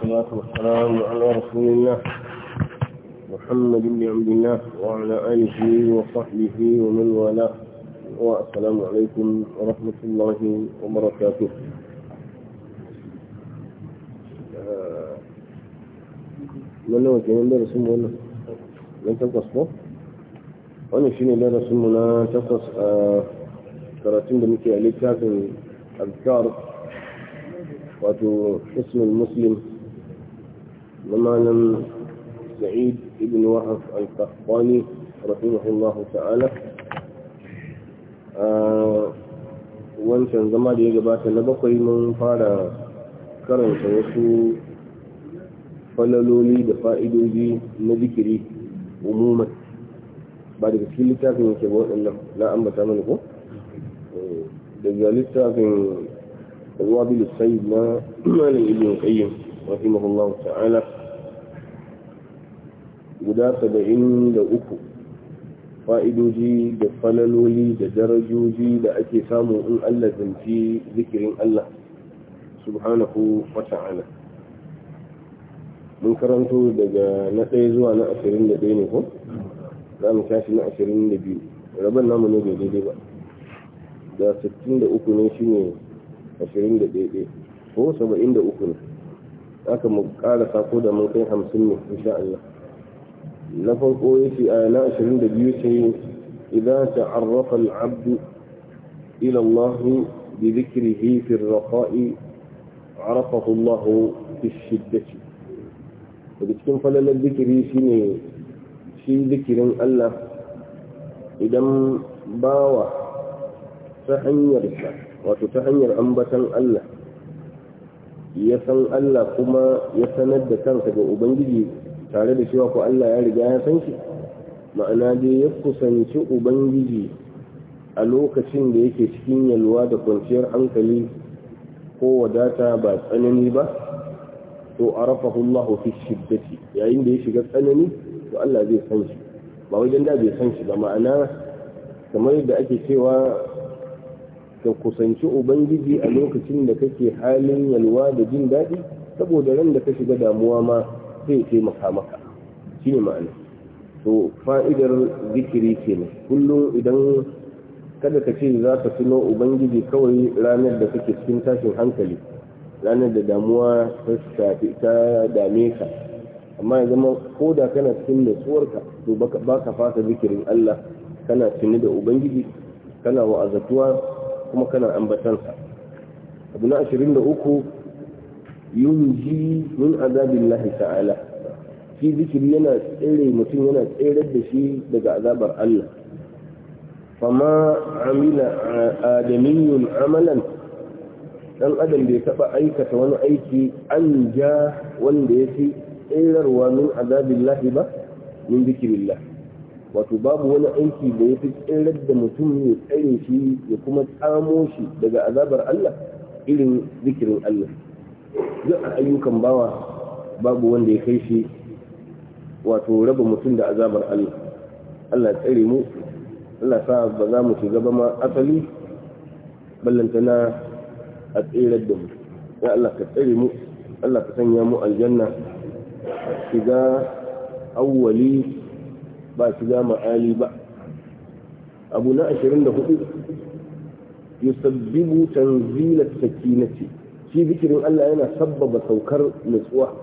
والصلاة والسلام على رسول الله محمد بن عبد الله وعلى آله وصحبه ومن والاه والسلام عليكم ورحمة الله وبركاته آه، من هو كمان درسون ولا من تقص بو وانا شيني درسون ولا تقص آه، كراتين بمكي عليك كافي أذكار wato ismin muslim ومعلم سعيد بن وهب القحطاني رحمه الله تعالى wancan zama da ya gabata na bakwai mun fara karanta wasu falaloli da fa'idoji na zikiri umuman ba daga cikin littafin yake ba waɗannan na ambata mana ko? daga littafin ruwa bilu sai na malin ilimin ƙayyar رحمه الله guda saba'in da uku ده da falaloli da darajoji da ake samu in Allah zanci zikirin Allah subhanahu wa ta'ala mun karanto daga na ɗaya zuwa na ashirin ne ko za mu tashi na ashirin da biyu namu ne bai daidai ba da sittin da uku ne shine ashirin ko saba'in ne aka mu ƙara sako da mun kai hamsin ne insha Allah na farko yake a na ashirin da biyu ce idan ta ta'arrafa al'abdu ila Allah bi dhikrihi fi ar-raqa'i arafahu Allah fi shiddati daga cikin falalar zikiri shine shi zikirin Allah idan bawa ta hanyar wato ta hanyar ambatan Allah ya san Allah kuma ya sanar da kansa ga ubangiji tare da cewa ko Allah ya riga ya san shi ma'ana dai ya kusanci ubangiji a lokacin da yake cikin yalwa da kwanciyar hankali ko wadata ba tsanani ba to arafahu Allah fi shiddati yayin da ya shiga tsanani to Allah zai san shi ba wajen da bai san shi ba ma'ana kamar da ake cewa ka kusanci ubangiji a lokacin da kake halin yalwa da jin daɗi saboda ran da ka shiga damuwa ma zai taimaka maka shine ma'ana to fa'idar zikiri kenan kullum idan kada ka ce za ka tuno ubangiji kawai ranar da kake cikin tashin hankali ranar da damuwa ta dame ka amma ya zama ko da kana cikin natsuwarka to ba ka fasa zikirin Allah kana tuni da ubangiji kana wa'azatuwa kuma kana ambatansa abu na ashirin da uku min azabin lahi ta'ala shi zikiri yana tsere mutum yana tserar da shi daga azabar Allah fama amila adamiyun amalan dan adam bai taba aikata wani aiki an ja wanda ya fi tserarwa min azabin lahi ba min zikirin lahi wato babu wani aiki da ya fi tsirar da mutum ya tsare shi ya kuma tsamo shi daga azabar Allah irin zikirin Allah duk a ayyukan bawa babu wanda ya kai shi wato raba mutum da azabar Allah Allah tsare mu Allah sa ba za mu shiga ba ma asali ballantana a tsirar da mu ya Allah ka tsare mu Allah ka sanya mu aljanna shiga awwali ba su ga ma'ali ba abu na 24 yusabbibu tanzilat sakinati shi zikirin Allah yana sabbaba saukar nutsuwa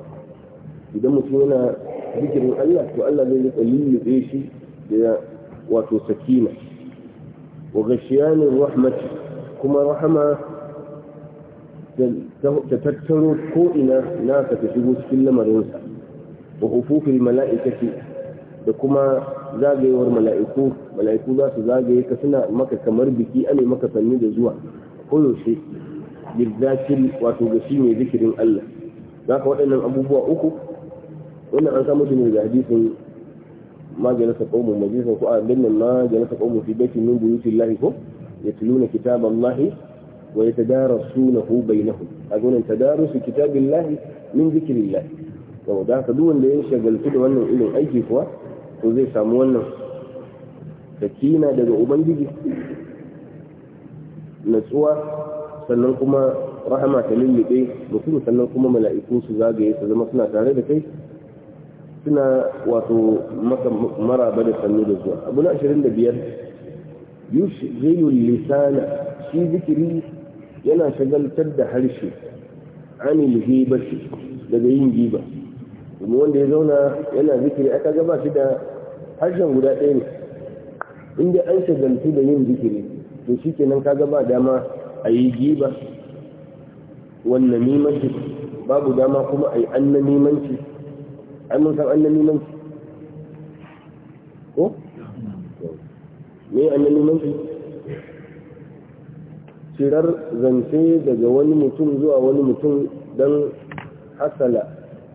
idan mutum yana zikirin Allah to Allah zai rika lullube shi da wato sakina wa gashiyanin rahmati kuma rahama ta tattaro ko'ina nasa ta shigo cikin lamarinsa wa hufufin mala'ikati da kuma zagayewar mala'iku mala'iku za su zagaye ka suna maka kamar biki ane maka sannu da zuwa koyaushe birzakir wato ga shi ne zikirin Allah za ka waɗannan abubuwa uku wannan an samu ne daga hadisin ma jalasa qaumun majlisan ko abin nan ma jalasa fi baitin min buyutillahi ko yatluna kitaballahi wa yatadarasunahu bainahum agunan tadarusu kitabillahi min zikrillah saboda ka duk wanda ya shagaltu da wannan irin aiki kuwa ko zai samu wannan sakina daga ubangiji natsuwa sannan kuma rahama ta lullube mutum sannan kuma mala'iku su zagaye su zama suna tare da kai suna wato maka maraba da sannu da zuwa abu na ashirin da biyar yushghilu lisana shi zikiri yana shagaltar da harshe anil ghibati daga yin giba domin wanda ya zauna yana zikiri aka gaba shi da harshen guda ɗaya ne inda an shagaltu da yin zikiri to shi kenan ka gaba dama a yi giba wannan mimanci babu dama kuma a yi annan mimanci an mun san annan mimanci ko? me annan mimanci? cirar zance daga wani mutum zuwa wani mutum don hasala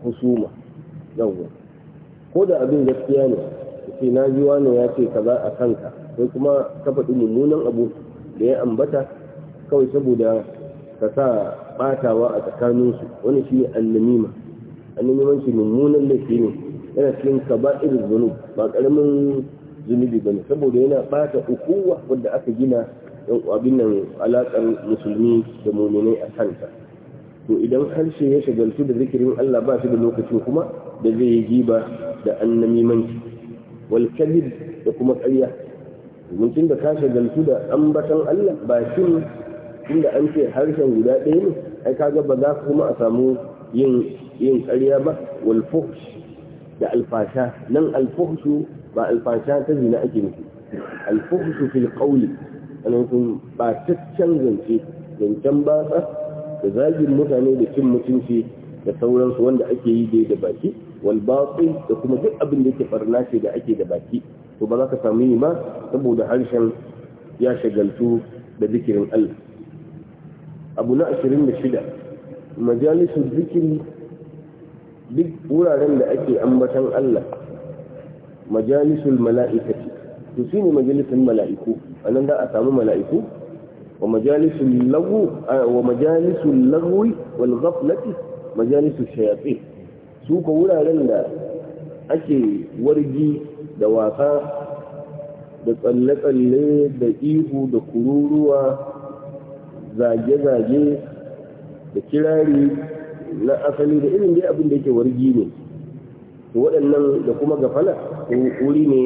husuma yawwa ko da abin gaskiya ne sai na ji wani ya ce ka kaza a kanka sai kuma ka faɗi mummunan abu da ya ambata kawai saboda ka sa batawa a tsakanin su wani shi ne annamima annamimanci mummunan laifi ne yana cikin irin zunub ba karamin zunubi bane saboda yana bata ukuwa wanda aka gina yan abin nan alaƙar musulmi da muminai a kanta to idan harshe ya shagaltu da zikirin Allah ba shi da lokacin kuma da zai yi giba da annamimanci wal kadhib da kuma ƙarya domin da kashe shagaltu da ambatan Allah ba shin tun da an ce harshen guda ɗaya ne ai kaga ba za kuma a samu yin yin ƙarya ba wal fuhsh da alfasha nan alfuhshu ba alfasha ta zina ake nufi alfuhshu fil qawli ana kun ba taccen zance zancen batsa da zagin mutane da cin mutunci da sauransu wanda ake yi dai da baki wal da kuma duk abin da yake barna ce da ake da baki to ba za ka samu yi ma saboda harshen ya shagaltu da zikirin Allah abu na 26 majalisun zikiri duk wuraren da ake ambatan Allah majalisul mala'ikati to shine majalisun mala'iku da a samu mala'iku wa majalisul lagwi su ko wuraren da ake wargi da wasa da tsalle-tsalle da ihu da kururuwa zage-zage da kirari na asali da irin dai abin da yake wargi ne to waɗannan da kuma gafala ko wuri ne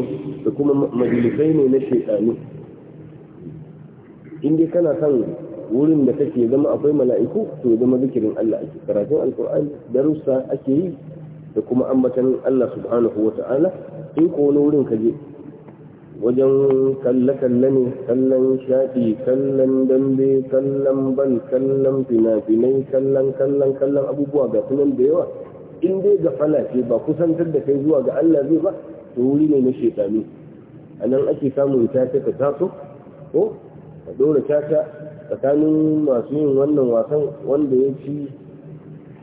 da kuma majalisai ne na shekaru in dai kana son wurin da kake zama akwai mala'iku to zama zikirin Allah ake karatun alkur'ani darussa ake yi da kuma ambatan Allah subhanahu wa ta'ala in ko wani wurin ka je wajen kalle-kalle ne kallon shafi kallon dambe kallon ban kallon fina-finai kallon kallon kallon abubuwa ga sunan da yawa in dai ga falace ba kusantar da kai zuwa ga Allah zai ba to wuri ne na shekaru a nan ake samun ta ta taso ko a dora ta tsakanin masu yin wannan wasan wanda ya ci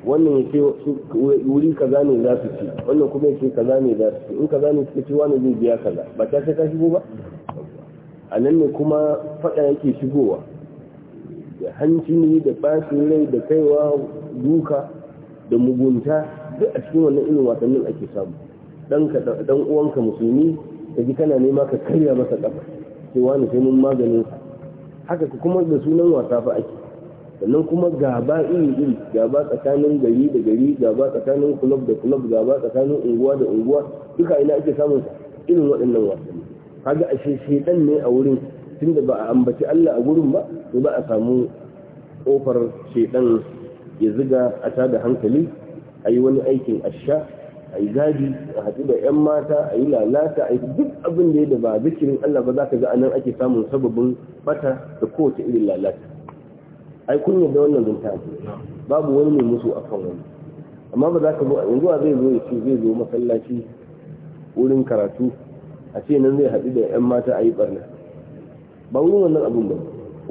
wannan ya ce wuri kaza ne za su ci wannan kuma ya ce kaza ne za su ci in kaza ne suka ce wani zai biya kaza ba ta sai ka shigo ba a nan ne kuma faɗa yake shigowa da hanci ne da ɓacin rai da kaiwa duka da mugunta duk a cikin wannan irin wasannin ake samu dan uwanka musulmi ka ji kana nema ka karya masa ƙafa sai wani sai mun maganin sa haka kuma da sunan wasa fa ake sannan kuma gaba iri iri gaba tsakanin gari da gari gaba tsakanin kulob da kulob gaba tsakanin unguwa da unguwa duka ina ake samun irin waɗannan wasanni kaga ashe shedan ne a wurin tunda ba a ambaci Allah a gurin ba to ba a samu kofar shedan ya ziga a tada hankali a yi wani aikin asha a yi gadi a haɗu da 'yan mata a yi lalata a yi duk abin da ya da ba zikirin Allah ba za ka ga nan ake samun sababin bata da kowace irin lalata ai kun yarda wannan zunta babu wani mai musu a kan wani amma ba za ka zo yanzu a zai zo ya ce zai zo masallaci wurin karatu a ce nan zai haɗu da 'yan mata a yi ɓarna ba wurin wannan abin ba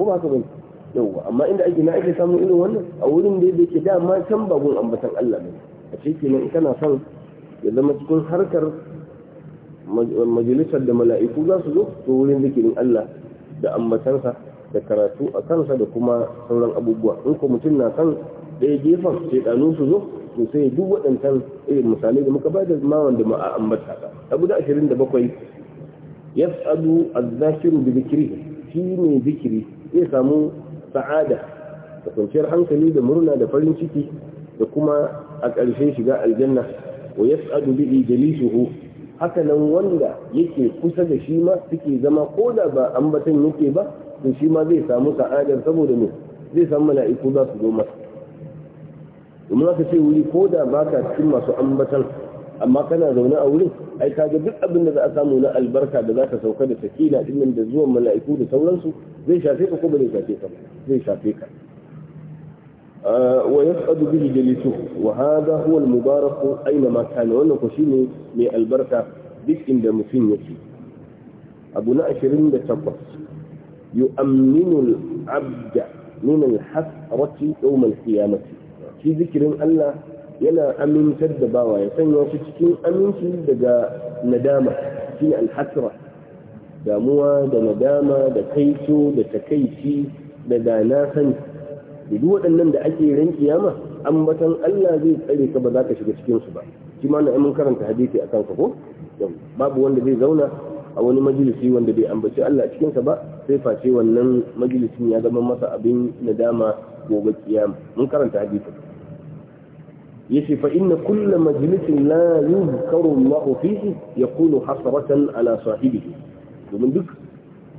ko ba ka bane yauwa amma inda ake na ake samun irin wannan a wurin da yake dama can ba gun ambatan Allah ne a ce kenan kana son ya zama cikin harkar majalisar da mala'iku za su zo su wurin zikirin Allah da ambatansa da karatu a kansa da kuma sauran abubuwa in ko mutum na kan ɗaya gefen shekanu su zo to sai duk waɗancan irin misalai da muka bada ma wanda ma a ambata ka abu da ashirin da bakwai tsadu a zafiru da zikiri shi ne zikiri zai samu sa'ada da kwanciyar hankali da murna da farin ciki da kuma a ƙarshe shiga aljanna wa yas'adu bihi jalisuhu haka nan wanda yake kusa da shi ma suke zama ko da ba ambatan yake ba to shi ma zai samu sa'adar saboda ne zai samu mala'iku za su zo masa domin ka ce wuri ko da ba ka cikin masu ambatan amma kana zaune a wurin ai ka ga duk abin da za a samu na albarka da za ka sauka da sakina dinnan da zuwan mala'iku da sauransu zai shafe ka ko ba zai shafe ka ba zai shafe ka آه، ويسعد به جليسه وهذا هو المبارك اينما كان وانه كشيني من البركه بك عند مسنك ابو ناشرين بتبص يؤمن العبد من الحسرة يوم القيامة في ذكر الله ينا أمين تدبا ويسنو في تكين أمين تدبا ندامة في الحسرة داموا دا ندامة دا كيسو دا da duk waɗannan da ake ran kiyama ambatan Allah zai tsare ka ba za ka shiga cikin su ba shi ma na mun karanta hadisi akan ka ko babu wanda zai zauna a wani majalisi wanda bai ambaci Allah cikin sa ba sai face wannan majalisin ya zama masa abin nadama gobe kiyama mun karanta hadisi yace fa inna kullu majlisin la yuzkaru Allah fihi yaqulu hasratan ala sahibihi domin duk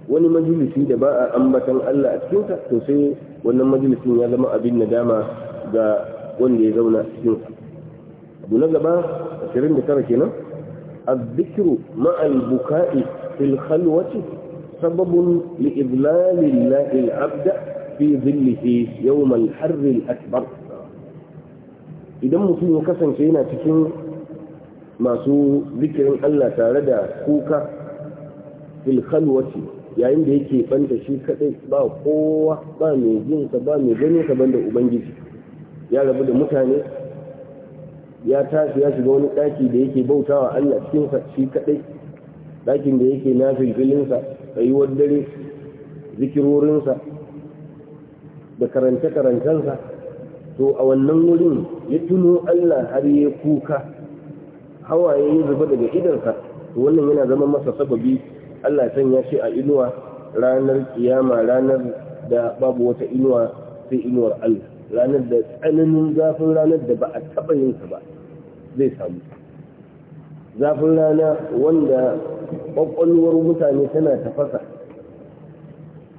wani majalisi da ba a ambatan Allah a cikinsa to sai wannan majalisin ya zama abin nadama ga wanda ya zauna a cikinsa abu na gaba 29 kenan الذكر مع البكاء في الخلوة سبب لإذلال الله العبد في ظله يوم الحر الأكبر idan mutum ya kasance yana cikin masu zikirin Allah tare da kuka fil khalwati yayin da yake banta shi kadai ba kowa ba mai jinsa ba mai gani sa banda ubangiji ya rabu da mutane ya tashi ya shiga wani daki da yake bautawa Allah cikin sa shi kadai dakin da yake nafilfilin sa tsayuwar dare zikirorin sa da karanta karantar sa to a wannan wurin ya tuno Allah har ya kuka hawaye ya zuba daga sa to wannan yana zama masa sababi Allah sanya shi a inuwa ranar kiyama ranar da babu wata inuwa sai inuwar Allah ranar da tsananin zafin ranar da ba a taɓa yin sa ba zai samu zafin rana wanda ƙwaƙwalwar mutane tana tafasa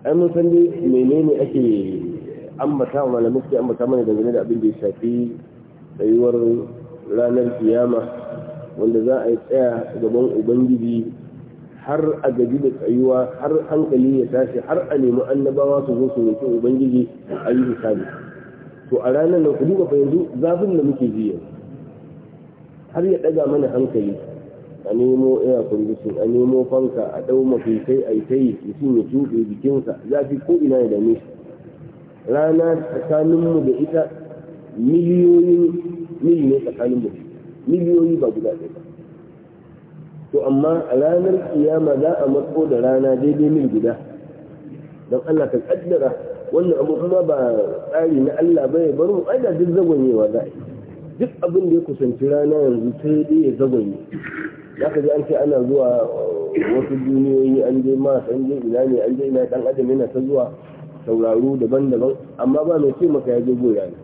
an san dai menene ake ambata wa malamin suke ambata mana dangane da abin da ya shafi tsayuwar ranar kiyama wanda za a yi tsaya gaban ubangiji har a gaji da tsayuwa har hankali ya tashi har a nemi annabawa su zo su roƙi ubangiji a yi hisabi to a ranar da ku ga fa yanzu zafin da muke ji har ya ɗaga mana hankali a nemo air condition a nemo fanka a ɗau mafisai a yi ta yi mutum ya tuɓe jikinsa zafi ko ina ya dame shi rana tsakaninmu da ita miliyoyin ne tsakaninmu miliyoyi ba guda ɗaya to amma a ranar kiyama za a matso da rana daidai mil guda don Allah ka kaddara wannan abu kuma ba tsari na Allah bai bar mu ai da duk zagonyewa za a duk abin da ya kusanci rana yanzu sai dai ya zagonye za ka ji an ce ana zuwa uh, wasu duniyoyi an je ma an je ina ne an je ina dan adam yana ta zuwa sauraro daban-daban amma ba mai ce maka ya je goya ne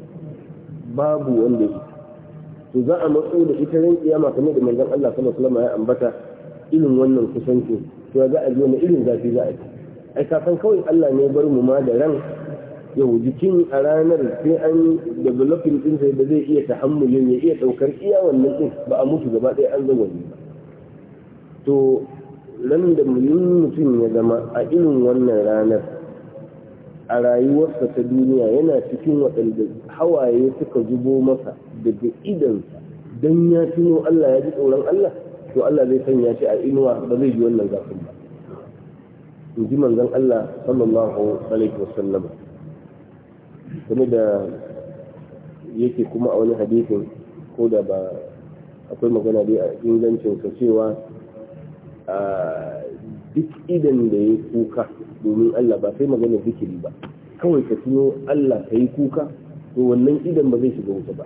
babu wanda ya to za a matso da ita ran kiyama kuma da manzon Allah sallallahu alaihi wasallam ya ambata irin wannan kusanci to za a ji wani irin zafi za a ji ai ka san kawai Allah ne bar mu ma da ran yau jikin a ranar sai an developing din sai da zai iya tahammulin ya iya daukar iya wannan din ba a mutu gaba ɗaya an zama ba to ran da mutum ya zama a irin wannan ranar a rayuwarsa ta duniya yana cikin waɗanda hawaye suka zubo masa daga idansa don ya tuno Allah ya ji tsoron Allah to Allah zai sanya shi a inuwa ba zai ji wannan zafin ba in ji manzon Allah sallallahu alaihi wasallam kuma da yake kuma a wani hadisin ko da ba akwai magana dai a ingancinsa cewa duk idan da ya kuka domin Allah ba sai magana zikiri ba kawai ka tuno Allah ka yi kuka to wannan idan ba zai shiga wuta ba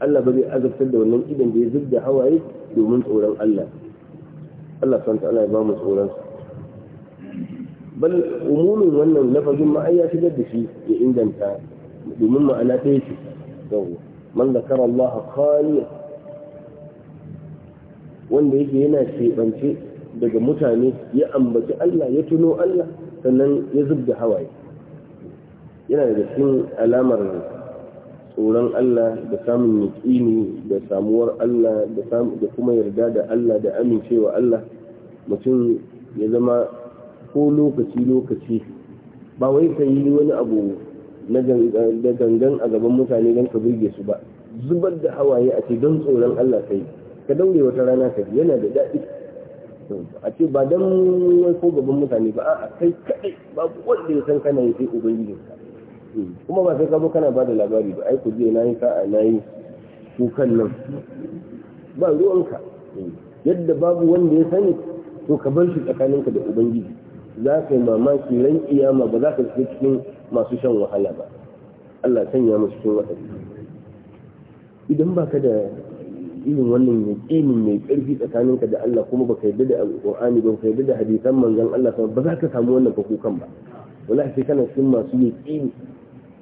Allah ba zai azabtar da wannan idan da ya zubda hawaye domin tsoron Allah Allah san ta'ala ya ba mu tsoron bal umumin wannan lafazin ma ai ya shigar da shi ya inganta domin ma'ana ɗaya ce yawwa man zakara Allah khaliya wanda yake yana shebance daga mutane ya ambaci Allah ya tuno Allah sannan ya zub da hawaye yana da cikin alamar tsoron Allah da samun yaƙini da samuwar Allah da kuma yarda da Allah da amincewa Allah mutum ya zama ko lokaci-lokaci ba wai ka yi wani abu na gangan a gaban mutane don ka burge su ba zubar da hawaye a ce don tsoron Allah kai ka daure wata rana ka yana da daɗi a ce ba dan wai ko gaban mutane ba a kai kadai babu wanda ya san kana yi sai ubangijinka hmm. kuma ba sai ka zo kana bada labari ba ai ku je na yi sa'a na yi kukan nan ba ruwanka hmm. yadda babu wanda ya sani to ka bar shi tsakaninka da ubangiji za ka yi mamaki ran kiyama ba za ka shiga cikin masu shan wahala ba Allah sanya mu cikin waɗanda idan baka da irin wannan yaqinin mai karfi tsakaninka da Allah kuma ka yarda da alqur'ani ba ka yarda da hadisan manzon Allah ba za ka samu wannan fakukan ba wallahi sai kana cikin masu yaqini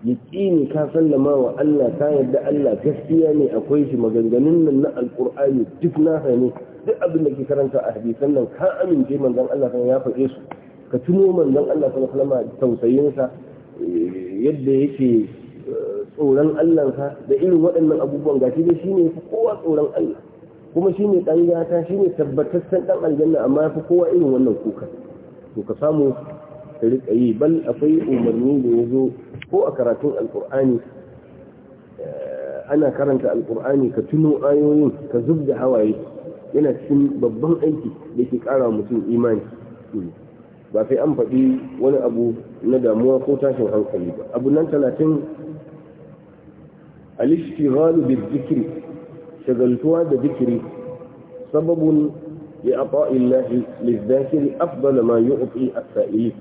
yaƙini ka sallama wa Allah ka yarda Allah gaskiya ne akwai shi maganganun nan na alqur'ani duk na ne duk abin da ke karanta a hadisan nan ka amince manzon Allah ya faɗe su ka tuno manzon Allah sallallahu alaihi wasallam tausayin sa eh, yadda yake tsoron allah da irin waɗannan abubuwan gashi dai shine fi kowa tsoron Allah kuma shine dan gata shine tabbatassan dan aljanna amma fi kowa irin wannan kuka to ka samu ka rika yi bal akwai umarni da ya zo ko a karatun alqur'ani eh, ana karanta alqur'ani ka tuno ayoyin ka zubda hawaye yana cikin babban aiki da ke kara mutum imani ba sai an faɗi wani abu na damuwa ko tashin hankali ba abu nan talatin al-ishtighalu bi-dhikri shagaltuwa da dhikri sababun لعطاء الله للذاكر أفضل ما يعطي السائلين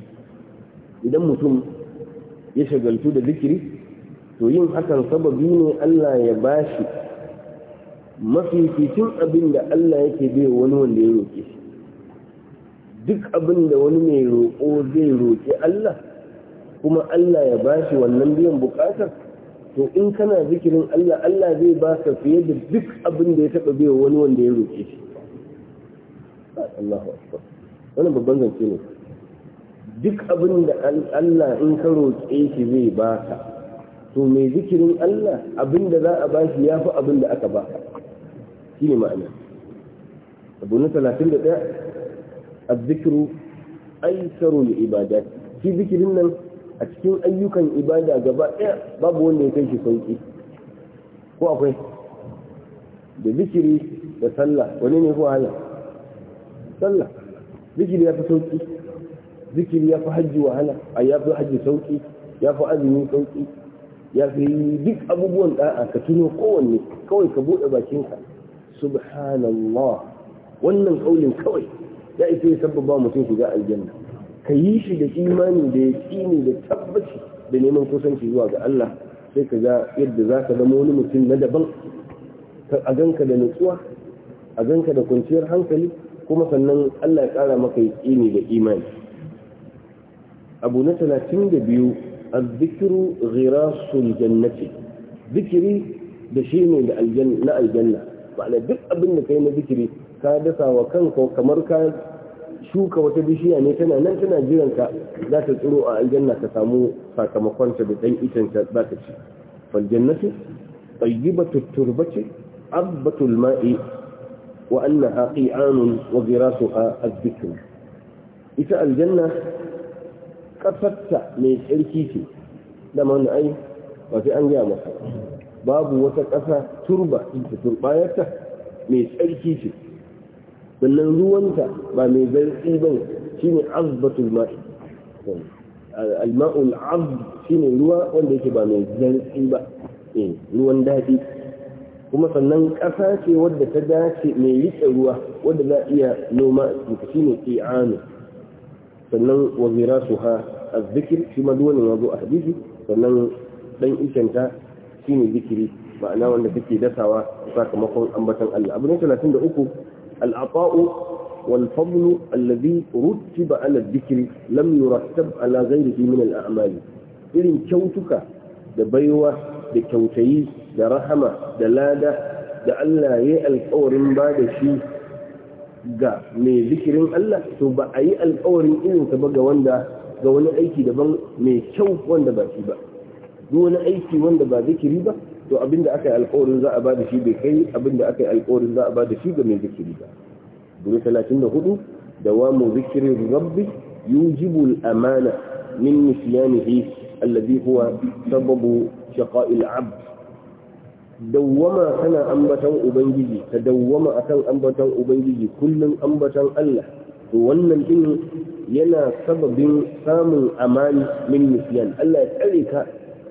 idan mutum ya shagaltu da zikiri to yin hakan sababi ne Allah ya bashi mafificin abin da Allah yake bai wani wanda ya roke shi duk abin da wani mai roƙo zai roƙi Allah kuma Allah ya bashi wannan biyan buƙatar to in kana zikirin Allah Allah zai baka fiye da duk abin da ya taba bai wani wanda ya roƙe shi Allahu akbar wannan babban zance ne duk abin da Allah in ka roƙe shi zai baka to mai zikirin Allah abin da za a bashi ya fi abin da aka baka shi ne ma'ana abu na talatin da ɗaya a zikiru aisaru ibadat shi zikirin nan a cikin ayyukan ibada gaba ɗaya babu wanda ya kai shi sauƙi. ko akwai da zikiri da sallah wani ne kuwa hala sallah zikiri ya fi sauƙi. zikiri ya fi hajji wahala a ya fi hajji sauƙi, ya fi azumi sauƙi, ya fi duk abubuwan ɗa'a ka tuno kowanne kawai ka buɗe bakinka subhanallah wannan ƙaunin kawai ya isa ya sabbaba mutum shiga aljanna ka yi shi da imani da tsini da tabbaci da neman kusanci zuwa ga Allah sai ka ga yadda za ka zama wani mutum na daban a ganka da nutsuwa a ganka da kwanciyar hankali kuma sannan Allah ya kara maka tsini da imani abu na talatin da biyu azzikiru ghirasul jannati zikiri da shi ne na aljanna ma'ana duk abin da ka yi na zikiri ka dasa wa kanka kamar ka shuka wata bishiya ne tana nan tana jiran ka za ta tsiro a aljanna ka samu sakamakon ta da dan itan ta za ta ci fal jannatu tayyibatu turbati abbatul ma'i wa annaha qi'anun wa girasuha ita aljanna kafarta mai tsarki ce da mana ai ba sai an gaya masa babu wata ƙasa turba ta turbayarta mai tsarki ce sannan ruwanta ba mai zarfi ba shine azbatul ma'i alma'ul azb shine ruwa wanda yake ba mai zarfi ba eh, ruwan daɗi kuma sannan ƙasa ce wadda ta dace mai riƙe ruwa wadda za a iya noma shi ne i'anu sannan wa zirasuha azzikir shi ma duwane wannan zo a hadisi sannan dan shi shine zikiri ma'ana wanda take dasawa sakamakon ambatan Allah abu ne 33 العطاء والفضل الذي رتب على الذكر لم يرتب على غيره من الأعمال إذن كوتك دبيوة دكوتي درحمة دلادة da Allah ya yi alkawarin ba da shi ga mai zikirin Allah to ba a yi alkawarin irinsa ba ga wanda ga wani aiki daban mai kyau wanda ba shi ba wani aiki wanda ba zikiri ba to abinda akai yi alƙawarin za a bada shi bai kai abinda akai yi alƙawarin za a bada shi ga mai zikiri ba guri 34 dawamu zikirin rabbi yujibu al-amana min nisyanihi alladhi huwa sababu shaqa'il 'abd dawama kana ambatan ubangiji ka dawama akan ambatan ubangiji kullun ambatan Allah to wannan din yana sababin samun amani min nisyan Allah ya tsare ka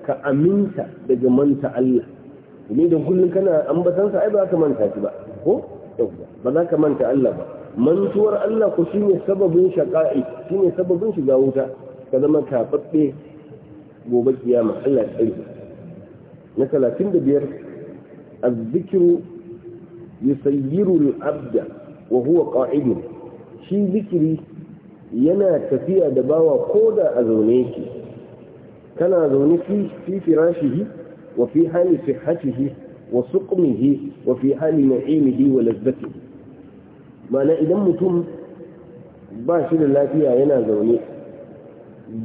ka aminta daga manta Allah domin da kullum kana ambatansa ai ba ka manta shi ba ko ba za ka manta Allah ba mantuwar Allah ku shine sababin shaqa'i shine sababin shiga wuta ka zama kafaffe gobe kiyama Allah ya tsare na 35 biyar zikru yusayyiru al-abda wa huwa qa'id shi zikiri yana tafiya da bawa koda a zaune yake tana zaune fi firashihi wa fi hali sihhatihi wa suqmihi wa fi hali na'imihi wa lazzatihi mana idan mutum ba shi da lafiya yana zaune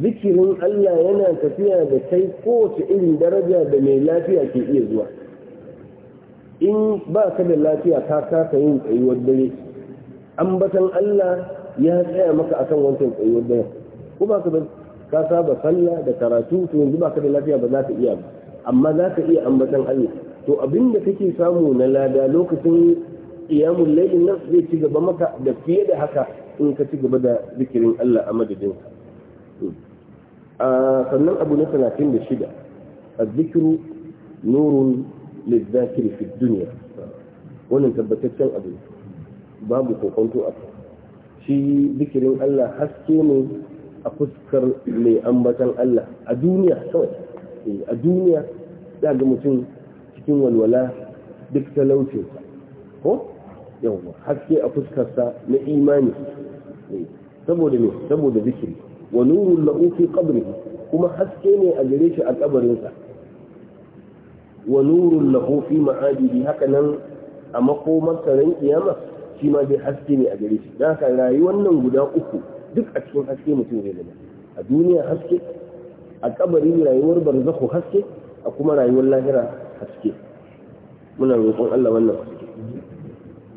zikirin Allah yana tafiya da kai kowace irin daraja da mai lafiya ke iya zuwa in ba ka da lafiya ka kasa yin tsayuwar dare ambatan Allah ya tsaya maka akan wancan tsayuwar dare ko ba ka ka saba sallah da karatu to yanzu ba ka da lafiya ba za ka iya ba amma za ka iya ambaton Allah to abin da kake samu na lada lokacin iyamun lailin nan zai ci gaba maka da fiye da haka in ka ci gaba da zikirin Allah a madadin sannan abu na talatin da shida nurun lizzakiri fi dunya wannan tabbataccen abu babu kokonto a shi zikirin Allah haske ne a fuskar mai ambatan Allah a duniya kawai eh, a duniya za ga mutum cikin walwala duk talaucinsa ko yawon haske a fuskarsa na imani eh, saboda ne saboda zikiri wa nurun la'ufi kabri kuma haske ne a gare shi a kabarinsa wa nurun la'ufi ma'adili haka nan a makomarsa ran kiyama shi ma zai haske ne a gare shi da haka rayuwar nan guda uku duk a cikin haske mutum zai zama a duniya haske a kabari rayuwar barzakhu haske a kuma rayuwar lahira haske muna roƙon Allah wannan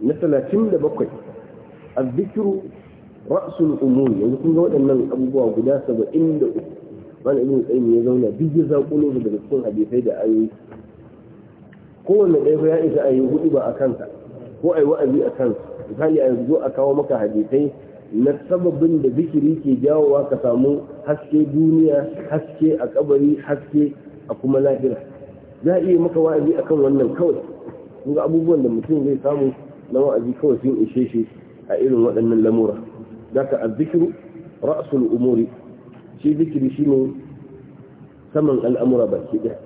na talatin da bakwai a ra'asul umuri yanzu kun ga waɗannan abubuwa guda saba'in da uku wani ibn qayyim ya zauna duk ya zaƙulo daga cikin hadisai da ayoyi kowanne ɗaya ya isa a yi hudu ba a kanta ko a yi wa'azi a kansa misali a yanzu a kawo maka hadisai na sababin da zikiri ke jawowa ka samu haske duniya haske a kabari haske a kuma lahira za a iya maka wa'azi akan wannan kawai kuma abubuwan da mutum zai samu na wa'azi kawai sun ishe shi a irin waɗannan lamura zaka azzikiru ra'asul umuri shi zikiri shine saman al'amura baki ɗaya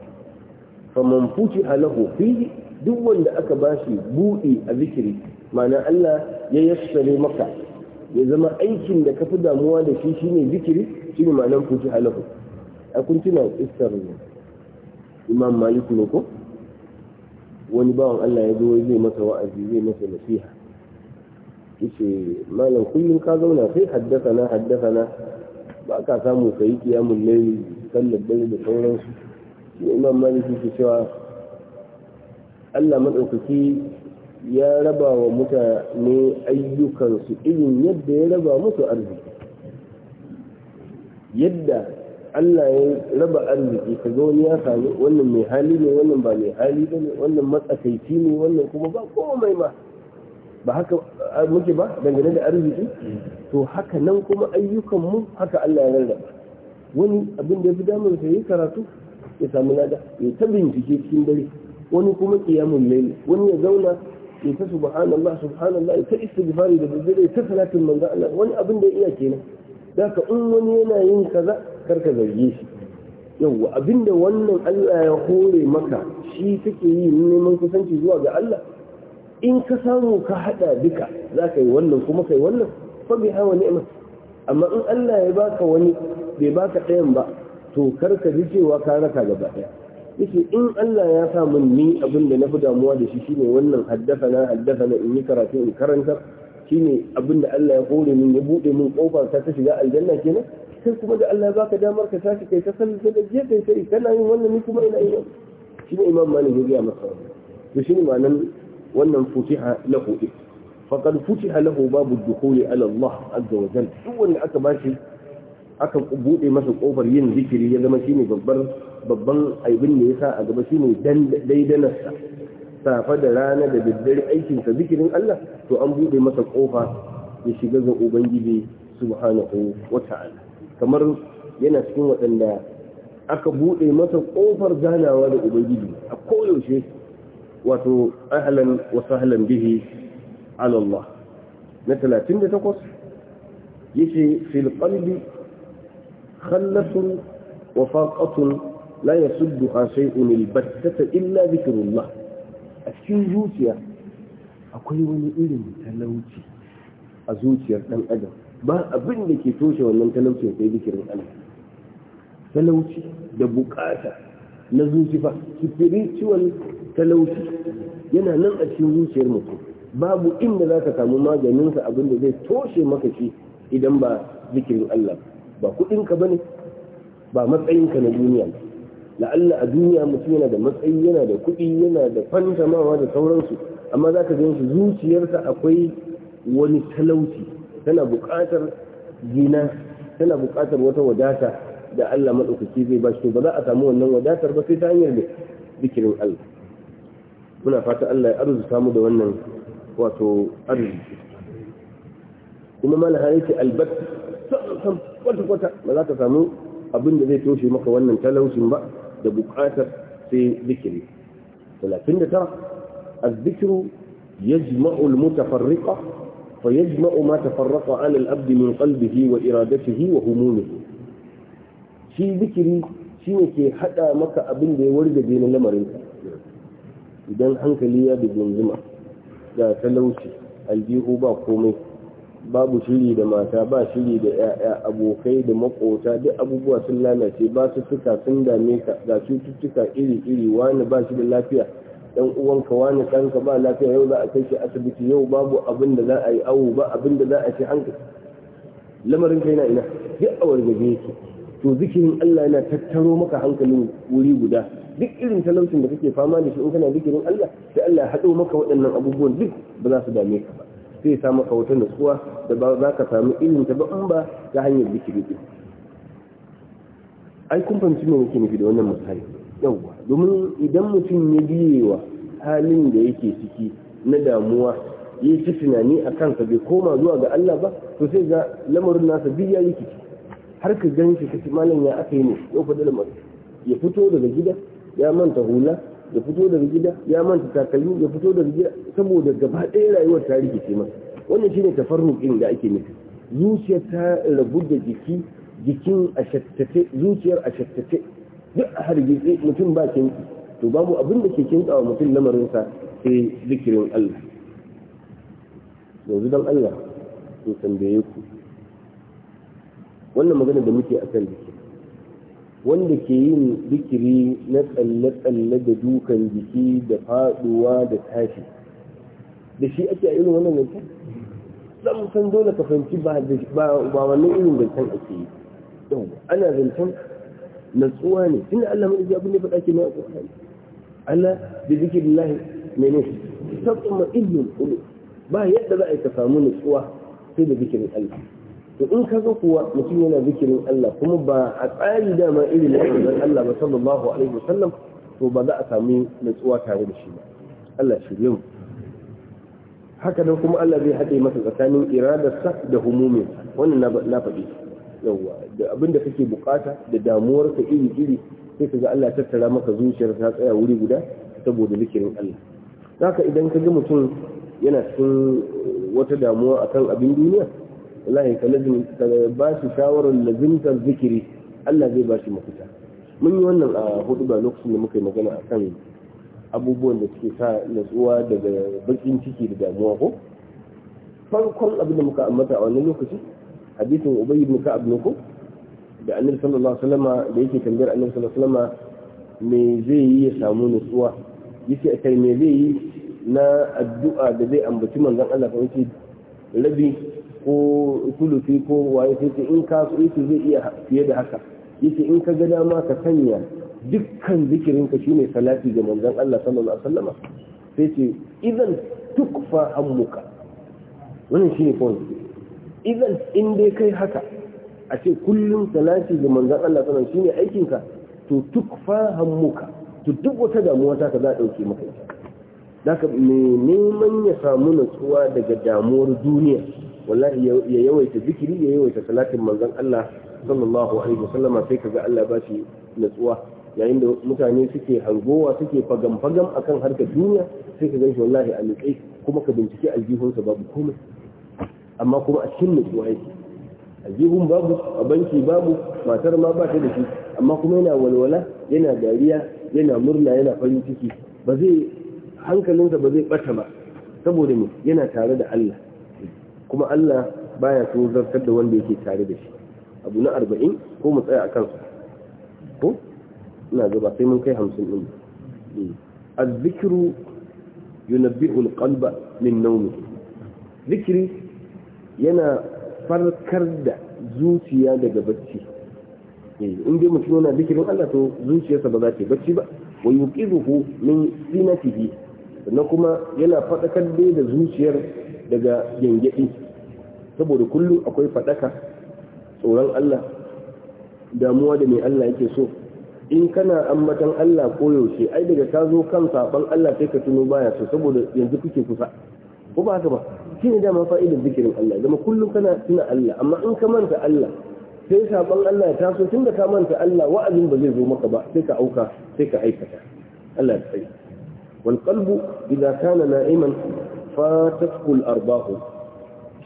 faman fuci alahu fi duk wanda aka bashi buɗe a zikiri ma'ana Allah ya yassare maka ya zama aikin da ka fi damuwa da shi shine zikiri shine ma'anar kuti halahu a kun tuna iskar imam malik ne ko wani bawan Allah ya zo zai masa wa'azi zai masa nasiha yace malam kullum ka zauna sai haddasa na haddasa na ba ka samu kai kiyamun layli sallar dare da sauransu shi imam malik ke cewa Allah madaukaki ya raba wa mutane ayyukansu irin yadda ya raba musu arziki yadda Allah ya raba arziki ka ga wani ya sami wannan mai hali ne wannan ba mai hali ba ne wannan matsakaici ne wannan kuma ba komai ma ba haka muke ba dangane da arziki to haka nan kuma ayyukanmu haka Allah ya rarraba wani abin da ya fi damar sa yi karatu ya samu lada ya ta bincike cikin dare wani kuma kiyamun laili wani ya zauna ya ta subhanallah subhanallah ta istighfari da daddare ta salatin manzo Allah wani abin da iya kenan ka in wani yana yin kaza kar ka zarge shi yawwa abinda wannan Allah ya hore maka shi take yi neman kusanci zuwa ga Allah in ka samu ka hada duka za yi wannan kuma kai wannan fa bi hawa ni'ma amma in Allah ya baka wani bai baka ɗayan ba to kar ka ji cewa ka raka gaba ɗaya yake in Allah ya sa min ni abin da na fi damuwa da shi shine wannan haddafana haddafana in yi karatu in karanta shine abin da Allah ya kore min ya bude min kofar ta ta shiga aljanna kenan sai kuma da Allah ya baka damar ka tashi kai ta sallar da je sai kana yin wannan ni kuma ina yin shine imam malik ya ga masa to shine ma'anan wannan futiha lahu faqad futiha lahu babu dukhuli ala Allah azza wa jalla duk wanda aka bashi aka buɗe masa ƙofar yin zikiri ya zama shine babban babban aibin da ya sa a gaba shine daidanarsa safa da rana da daddare aikinsa zikirin Allah to an buɗe masa ƙofa ya shiga ga Ubangiji subhanahu wa ta'ala kamar yana cikin waɗanda aka buɗe masa ƙofar ganawa da Ubangiji a koyaushe wato ahlan wa sahlan bihi ala Allah na 38 yace fil qalbi خلة وفاقة لا يسدها شيء البتة إلا ذكر الله أشكين زوجيا أقول وني إلم تلوتي أزوجيا كان أدم ba abin da ke toshe wannan talaucin sai zikirin Allah talauci da bukata na fa. spiritual talauci yana nan a cikin zuciyar mutum babu inda za ka samu maganinsa abin da zai toshe maka shi idan ba zikirin Allah ba ba kuɗinka ba ne ba matsayinka na duniya ba la'alla a duniya mutum yana da matsayi yana da kuɗi yana da fantamawa da sauransu amma za ka gan shi zuciyarsa akwai wani talauci tana buƙatar gina tana buƙatar wata wadata da Allah maɗaukaki zai ba shi ba za a samu wannan wadatar ba sai ta hanyar da zikirin Allah muna fata Allah ya arzu mu da wannan wato arziki kuma malaha yake albat sam kwata-kwata ba za ka samu abin da zai toshe maka wannan talaucin ba da bukatar sai zikiri 39 الذكر يجمع المتفرقة فيجمع ما تفرق على الأبد من قلبه وإرادته وهمومه shi zikiri shi ne ke haɗa maka abin da ya wargaje na lamarinka idan hankali ya da zunzuma da talauci aljihu ba komai babu shiri da mata ba shiri da ya'ya abokai da makota duk abubuwa sun lalace ba su suka sun dame ka ga cututtuka iri-iri wani ba shi da lafiya dan uwanka wani kanka ba lafiya yau za a kai shi asibiti yau babu abin da za a yi awo ba abin da za a ci hankali lamarin kai na ina duk a wargaje yake to zikirin Allah yana tattaro maka hankalin wuri guda duk irin talaucin da kake fama da shi in kana zikirin Allah sai Allah ya haɗo maka waɗannan abubuwan duk ba za su dame ka ba zai samu ka wata nutsuwa da ba za ka samu ilmin ta ba in ba ta hanyar zikiri ai kun fahimci me nake nufi da wannan misali yauwa domin idan mutum ya biyewa halin da yake ciki na damuwa ya yi tunani a kansa bai koma zuwa ga Allah ba to sai ga lamarin nasa duk ya rikici har ka gan shi kace malam ya aka yi ne yau fa ya fito daga gida ya manta hula ya fito daga gida ya manta takalmi ya fito daga gida saboda gaba ɗaya rayuwar ta rikice masa wannan shine tafarruqin da ake nufi zuciyar ta rabu da jiki jikin a shattace zuciyar a shattace duk a hargitse mutum ba kinki to babu abin da ke wa mutum lamarinsa sai zikirin Allah yanzu don Allah sun tambaye ku wannan magana da muke akan jiki. wanda ke yin zikiri na tsalle-tsalle da dukan jiki da faduwa da tashi da shi ake a irin wannan zancen zan san dole ka fahimci ba wannan irin zancen ake yi ana zancen natsuwa ne tun da Allah mai abin da faɗa ke mai alƙur'an Allah da zikirin lahi mai ne tabbata ma ilmin ba yadda za a yi ka samu natsuwa sai da zikirin Allah to in ka ga kuwa mutum yana zikirin Allah kuma ba a tsari dama irin na Allah ba sallallahu alaihi wasallam to ba za a sami nutsuwa tare da shi ba Allah shi mu haka nan kuma Allah zai haɗe masa tsakanin iradarsa da humumin wannan na faɗi da abin da kake bukata da damuwarka iri iri sai ka ga Allah tattara maka zuciyar ta tsaya wuri guda saboda zikirin Allah zaka idan ka ga mutum yana cikin eh, wata damuwa akan abin duniya wallahi ka lazim ka ba shi shawarar lazimtar zikiri Allah zai ba shi mafita mun yi wannan a hudu ba lokacin da muka yi magana kan abubuwan da suke sa natsuwa daga bakin ciki da damuwa ko farkon abin da muka ammata a wannan lokaci hadisin ubayy ibn ka'ab ne ko da annabi sallallahu alaihi wasallama da yake tambayar annabi sallallahu alaihi wasallama me zai yi ya samu natsuwa yace a kai me zai yi na addu'a da zai ambaci manzon Allah fa yace rabi ko tulufi ko waye sai ce in ka so zai iya fiye da haka yace in ka ga dama ka sanya dukkan zikirinka shine salati ga manzon Allah sallallahu alaihi wasallam sai ce idan tukfa hammuka wannan shine point idan in dai kai haka a ce kullum salati ga manzon Allah sallallahu alaihi aikin shine to tukfa hammuka to duk wata damuwa ta ka za dauke maka ita neman ya samu nutsuwa daga damuwar duniya wallahi ya yawaita zikiri ya yawaita salatin manzon Allah sallallahu alaihi wasallam sai kaga Allah ba shi natsuwa yayin da mutane suke hargowa suke fagam fagam akan harkar duniya sai ka ganshi wallahi a nutse kuma ka bincike aljihunsa babu komai amma kuma a cikin nutsuwa yake aljihun babu a banki babu matar ma ba ta da shi amma kuma yana walwala yana dariya yana murna yana farin ciki ba zai hankalinsa ba zai bata ba saboda ne yana tare da Allah kuma Allah baya so zartar da wanda yake tare da shi abu na arba'in ko mu tsaya a kansa ko ina ga sai mun kai hamsin ɗin eh. azzikiru yunabbi'u alqalba min nawmi zikiri yana farkar da zuciya daga bacci eh, in dai mutum yana zikirin Allah to zuciyarsa ba za ta bacci ba wa yuqizuhu min sinatihi sannan kuma yana fadakar da zuciyar daga gengedi saboda kullum akwai faɗaka tsoron Allah damuwa da mai Allah yake so in kana ambatan Allah koyaushe ai daga ka zo kan saban Allah sai ka tuno baya so saboda yanzu kuke kusa ko ba haka ba shi ne dama fa'idar zikirin Allah zama kullum kana tuna Allah amma in ka manta Allah sai saban Allah ya taso tun da ka manta Allah wa'azin ba zai zo maka ba sai ka auka sai ka aikata Allah ya tsaye wal qalbu idza kana na'iman fatakul arbahu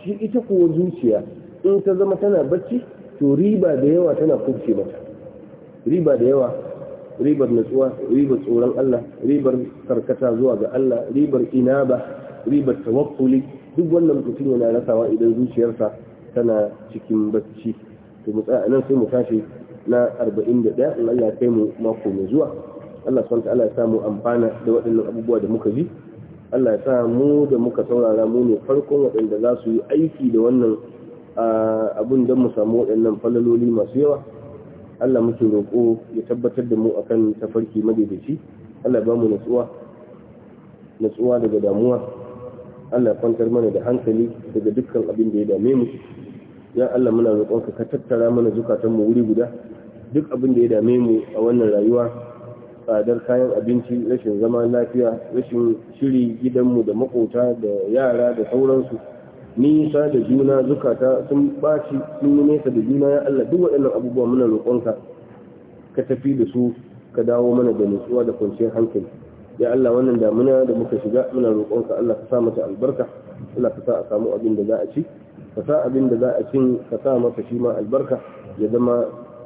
shi ita kuwa zuciya in ta zama tana bacci to riba da yawa tana kuke mata riba da yawa ribar natsuwa ribar tsoron Allah ribar karkata zuwa ga Allah ribar inaba ribar tawakkuli duk wannan mutum yana rasawa idan zuciyarsa tana cikin bacci to mu tsaya nan sai mu tashi na 41 in Allah ya kai mu mako mai zuwa Allah subhanahu ta'ala ya samu amfana da waɗannan abubuwa da muka ji Allah ya sa mu da muka saurara mu ne farkon waɗanda za su yi aiki da wannan abin don mu samu waɗannan falaloli masu yawa Allah muke roƙo ya tabbatar da mu akan tafarki madaidaici Allah ba mu natsuwa natsuwa daga damuwa Allah kwantar mana da hankali daga dukkan abin da ya dame mu ya Allah muna roƙonka ka tattara mana zukatan mu wuri guda duk abin da ya dame mu a wannan rayuwa tsadar kayan abinci rashin zama lafiya rashin shiri gidanmu da makota da yara da sauransu nisa da juna zukata sun baci sun yi nesa da juna ya Allah duk waɗannan abubuwa muna roƙonka ka tafi da su ka dawo mana da nutsuwa da kwanciyar hankali ya Allah wannan damuna da muka shiga muna roƙonka Allah ka sa mata albarka Allah ka sa a samu abin da za a ci ka sa abin da za a cin ka sa shi ma albarka ya zama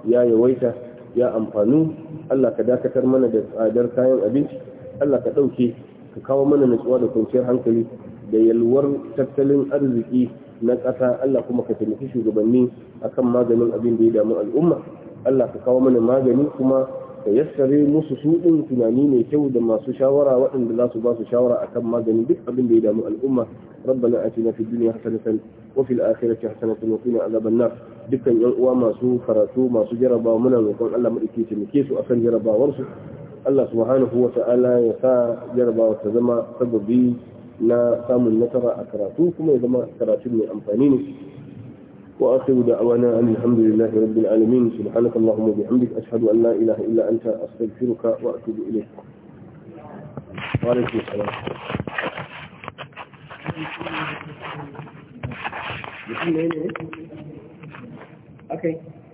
ya yawaita ya amfanu Allah ka dakatar mana da tsadar kayan abinci Allah ka ɗauke ka kawo mana nutsuwa da kwanciyar hankali da yalwar tattalin arziki na ƙasa Allah kuma ka taimaki shugabanni akan maganin abin da ya damu al'umma Allah ka kawo mana magani kuma ka yassare musu su ɗin tunani mai kyau da masu shawara waɗanda za su ba su shawara akan magani duk abin da ya damu al'umma rabbana atina fid dunya hasanatan wa fil akhirati hasanatan wa qina adhaban nar dukkan yan uwa masu karatu masu jarabawa muna roƙon Allah mu dake taimake su akan jarabawar su Allah subhanahu wa ta'ala ya sa jarabawa ta zama sababi na samun nasara a karatu kuma ya zama karatu mai amfani ne وآخر دعوانا أن الحمد لله رب العالمين سبحانك اللهم وبحمدك أشهد أن لا إله إلا أنت أستغفرك وأتوب إليك وعليكم السلام Okay.